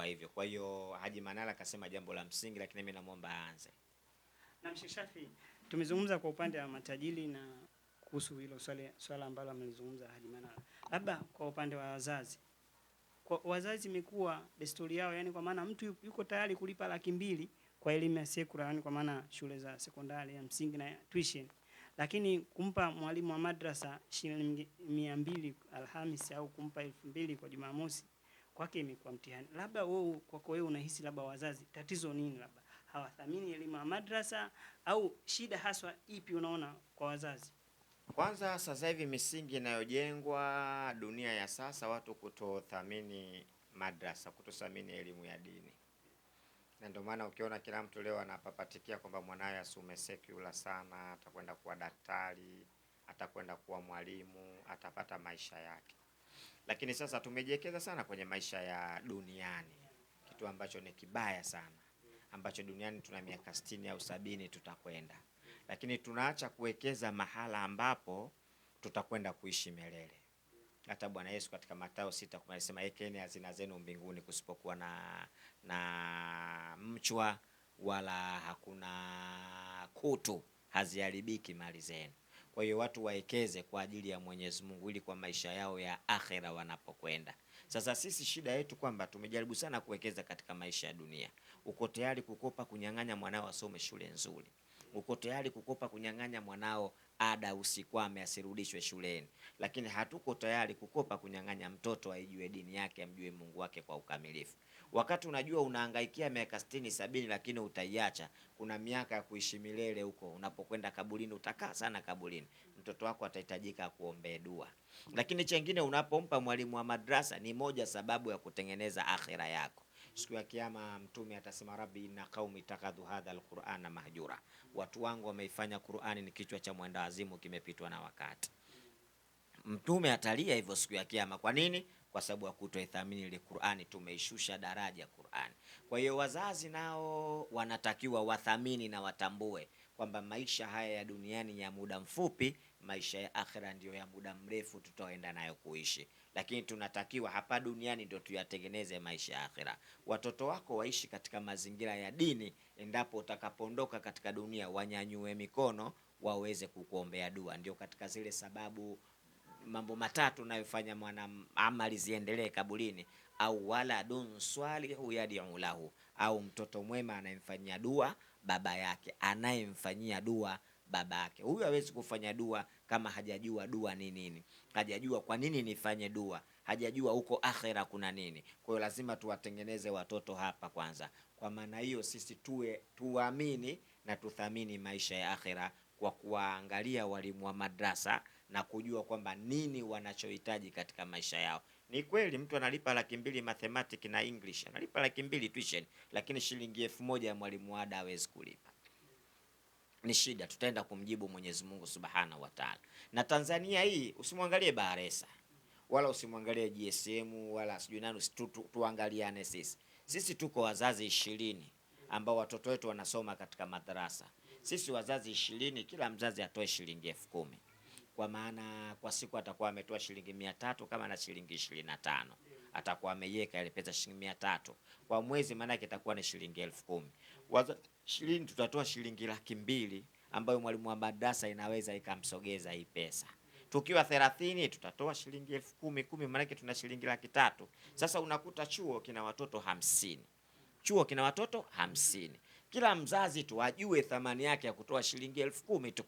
kuwa hivyo. Kwa hiyo Haji Manara akasema jambo la msingi, lakini mimi namwomba aanze na Shafi. Tumezungumza kwa upande wa matajiri na kuhusu hilo swala ambalo amelizungumza Haji Manara, labda kwa upande wa wazazi kwa wazazi imekuwa desturi yao, yani kwa maana mtu yuko tayari kulipa laki mbili kwa elimu ya sekula, yani kwa maana shule za sekondari ya msingi na tuition, lakini kumpa mwalimu wa madrasa shilingi mia Alhamisi au kumpa elfu kwa Jumamosi kwake imekuwa mtihani. Labda wewe kwako wewe unahisi labda wazazi tatizo nini, labda hawathamini elimu ya madrasa au shida haswa ipi unaona kwa wazazi? Kwanza sasa hivi misingi inayojengwa dunia ya sasa, watu kutothamini madrasa, kutothamini elimu ya dini, na ndio maana ukiona kila mtu leo anapapatikia kwamba mwanawe asome secular sana, atakwenda kuwa daktari, atakwenda kuwa mwalimu, atapata maisha yake. Lakini sasa tumejiwekeza sana kwenye maisha ya duniani, kitu ambacho ni kibaya sana, ambacho duniani tuna miaka sitini au sabini tutakwenda, lakini tunaacha kuwekeza mahala ambapo tutakwenda kuishi milele. Hata Bwana Yesu katika Mathayo sita alisema ekeni hazina zenu mbinguni kusipokuwa na, na mchwa wala hakuna kutu, haziharibiki mali zenu. Kwa hiyo watu waekeze kwa ajili ya Mwenyezi Mungu ili kwa maisha yao ya akhera wanapokwenda. Sasa sisi shida yetu kwamba tumejaribu sana kuwekeza katika maisha ya dunia. Uko tayari kukopa kunyang'anya mwanao asome shule nzuri uko tayari kukopa kunyang'anya mwanao ada usikwame asirudishwe shuleni, lakini hatuko tayari kukopa kunyang'anya mtoto aijue dini yake amjue Mungu wake kwa ukamilifu. Wakati unajua unahangaikia miaka sitini sabini, lakini utaiacha, kuna miaka ya kuishi milele huko. Unapokwenda kaburini, utakaa sana kaburini, mtoto wako atahitajika akuombee dua. Lakini chengine, unapompa mwalimu wa madrasa, ni moja sababu ya kutengeneza akhira yako siku ya Kiyama mtume atasema rabbi inna qaumi takadhu hadha alqur'ana mahjura, watu wangu wameifanya Qur'ani ni kichwa cha mwenda azimu kimepitwa na wakati. Mtume atalia hivyo siku ya Kiyama. Kwa nini? Kwa sababu ya kutoithamini ile Qur'ani, tumeishusha daraja Qur'ani. Kwa hiyo wazazi nao wanatakiwa wathamini na watambue kwamba maisha haya ya duniani ni ya muda mfupi, maisha ya akhera ndiyo ya muda mrefu tutaoenda nayo kuishi. Lakini tunatakiwa hapa duniani ndio tuyatengeneze maisha ya akhera. Watoto wako waishi katika mazingira ya dini, endapo utakapoondoka katika dunia wanyanyue mikono waweze kukuombea dua. Ndio katika zile sababu mambo matatu nayofanya mwana amali ziendelee kaburini, au waladun swalihu yadiu lahu, au mtoto mwema anayemfanyia dua baba yake, anayemfanyia dua baba yake. Huyu hawezi kufanya dua kama hajajua dua ni nini, hajajua kwa nini nifanye dua, hajajua huko akhera kuna nini. Kwa hiyo lazima tuwatengeneze watoto hapa kwanza. Kwa maana hiyo sisi tuwe tuamini na tuthamini maisha ya akhera kwa kuwaangalia walimu wa madrasa na kujua kwamba nini wanachohitaji katika maisha yao. Ni kweli mtu analipa laki mbili mathematics na English, analipa laki mbili tuition, lakini shilingi elfu moja ya mwalimu ada hawezi kulipa. Ni shida, tutaenda kumjibu Mwenyezi Mungu Subhanahu wa Ta'ala. Na Tanzania hii usimwangalie Baresa wala usimwangalie GSM wala sijui nani, tu, tu, tuangaliane sisi. Sisi tuko wazazi ishirini ambao watoto wetu wanasoma katika madarasa. Sisi wazazi ishirini, kila mzazi atoe shilingi elfu kumi kwa maana kwa siku atakuwa ametoa shilingi mia tatu kama na shilingi ishirini na tano atakuwa ameiweka ile pesa shilingi mia tatu kwa mwezi, maana yake itakuwa ni shilingi elfu kumi shilingi tutatoa shilingi laki mbili ambayo mwalimu wa madrasa inaweza ikamsogeza hii pesa. Tukiwa thelathini tutatoa shilingi elfu kumi kumi, maanake tuna shilingi laki tatu. Sasa unakuta chuo kina watoto hamsini chuo kina watoto hamsini Kila mzazi tu ajue thamani yake ya kutoa shilingi elfu kumi tu.